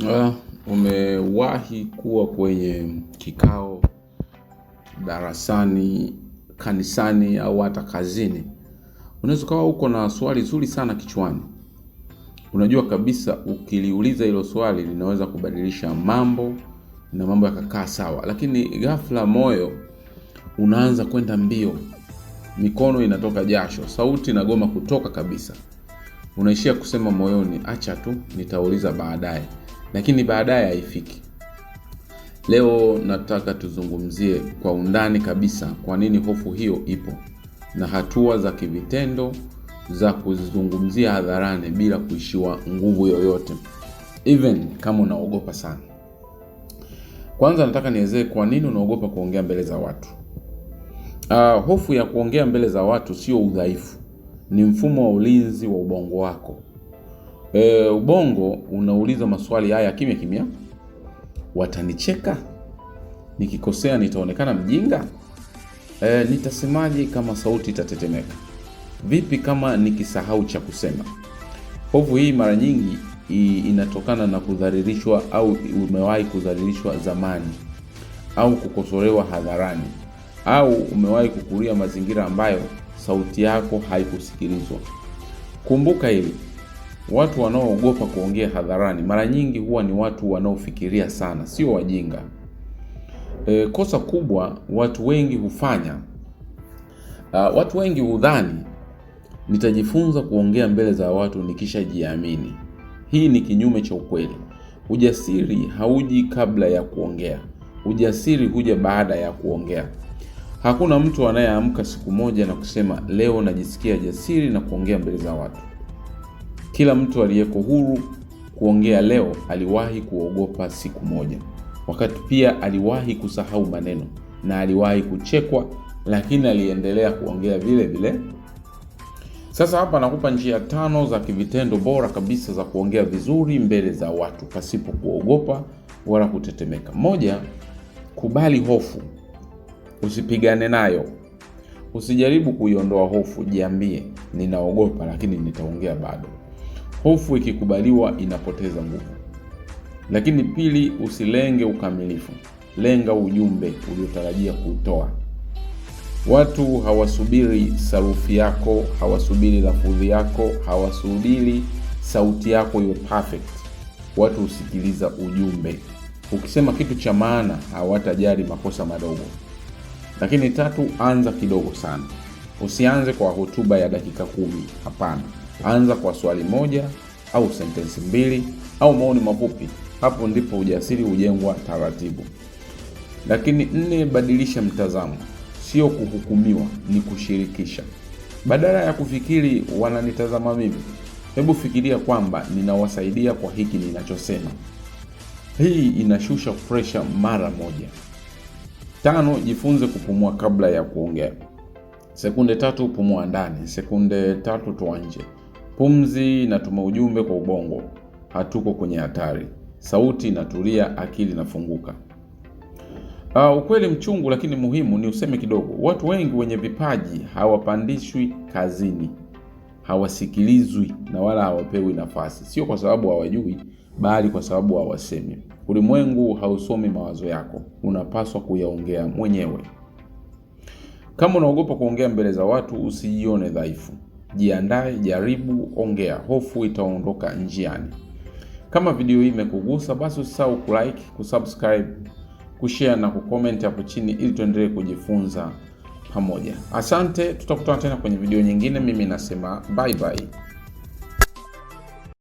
Uh, umewahi kuwa kwenye kikao darasani, kanisani au hata kazini, unaweza ukawa uko na swali zuri sana kichwani. Unajua kabisa ukiliuliza hilo swali linaweza kubadilisha mambo na mambo yakakaa sawa, lakini ghafla moyo unaanza kwenda mbio, mikono inatoka jasho, sauti inagoma kutoka kabisa. Unaishia kusema moyoni, acha tu, nitauliza baadaye lakini baadaye haifiki. Leo nataka tuzungumzie kwa undani kabisa kwa nini hofu hiyo ipo na hatua za kivitendo za kuzungumzia hadharani bila kuishiwa nguvu yoyote, even kama unaogopa sana. Kwanza nataka nielezee kwa nini unaogopa kuongea mbele za watu. Uh, hofu ya kuongea mbele za watu sio udhaifu, ni mfumo wa ulinzi wa ubongo wako e, ubongo unauliza maswali haya kimya kimya: watanicheka? Nikikosea nitaonekana mjinga? E, nitasemaje kama sauti itatetemeka? Vipi kama nikisahau cha kusema? Hofu hii mara nyingi inatokana na kudhalilishwa au umewahi kudhalilishwa zamani au kukosolewa hadharani au umewahi kukulia mazingira ambayo sauti yako haikusikilizwa. Kumbuka hili. Watu wanaoogopa kuongea hadharani mara nyingi huwa ni watu wanaofikiria sana, sio wajinga. E, kosa kubwa watu wengi hufanya uh, watu wengi hudhani nitajifunza kuongea mbele za watu nikishajiamini. Hii ni kinyume cha ukweli. Ujasiri hauji kabla ya kuongea, ujasiri huja baada ya kuongea. Hakuna mtu anayeamka siku moja na kusema leo najisikia jasiri na kuongea mbele za watu. Kila mtu aliyeko huru kuongea leo aliwahi kuogopa siku moja, wakati pia aliwahi kusahau maneno na aliwahi kuchekwa, lakini aliendelea kuongea vile vile. Sasa hapa nakupa njia tano za kivitendo bora kabisa za kuongea vizuri mbele za watu pasipo kuogopa wala kutetemeka. Moja, kubali hofu, usipigane nayo, usijaribu kuiondoa hofu. Jiambie, ninaogopa lakini nitaongea bado. Hofu ikikubaliwa inapoteza nguvu. Lakini pili, usilenge ukamilifu, lenga ujumbe uliotarajia kuutoa. Watu hawasubiri sarufi yako, hawasubiri lafudhi yako, hawasubiri sauti yako iwe perfect. Watu husikiliza ujumbe. Ukisema kitu cha maana, hawatajali makosa madogo. Lakini tatu, anza kidogo sana. Usianze kwa hotuba ya dakika kumi. Hapana anza kwa swali moja au sentensi mbili au maoni mafupi. Hapo ndipo ujasiri hujengwa taratibu. Lakini nne, badilisha mtazamo. Sio kuhukumiwa, ni kushirikisha. Badala ya kufikiri wananitazama mimi, hebu fikiria kwamba ninawasaidia kwa hiki ninachosema. Hii inashusha presha mara moja. Tano, jifunze kupumua kabla ya kuongea. Sekunde tatu pumua ndani, sekunde tatu toa nje. Pumzi inatuma ujumbe kwa ubongo, hatuko kwenye hatari. Sauti inatulia, akili inafunguka. Uh, ukweli mchungu lakini muhimu ni useme kidogo. Watu wengi wenye vipaji hawapandishwi kazini, hawasikilizwi na wala hawapewi nafasi, sio kwa sababu hawajui, bali kwa sababu hawasemi. Ulimwengu hausomi mawazo yako, unapaswa kuyaongea mwenyewe. Kama unaogopa kuongea mbele za watu, usijione dhaifu. Jiandae, jaribu, ongea, hofu itaondoka njiani. Kama video hii imekugusa, basi usisahau kulike, kusubscribe, kushare na kucomment hapo chini ili tuendelee kujifunza pamoja. Asante, tutakutana tena kwenye video nyingine. Mimi nasema bye bye.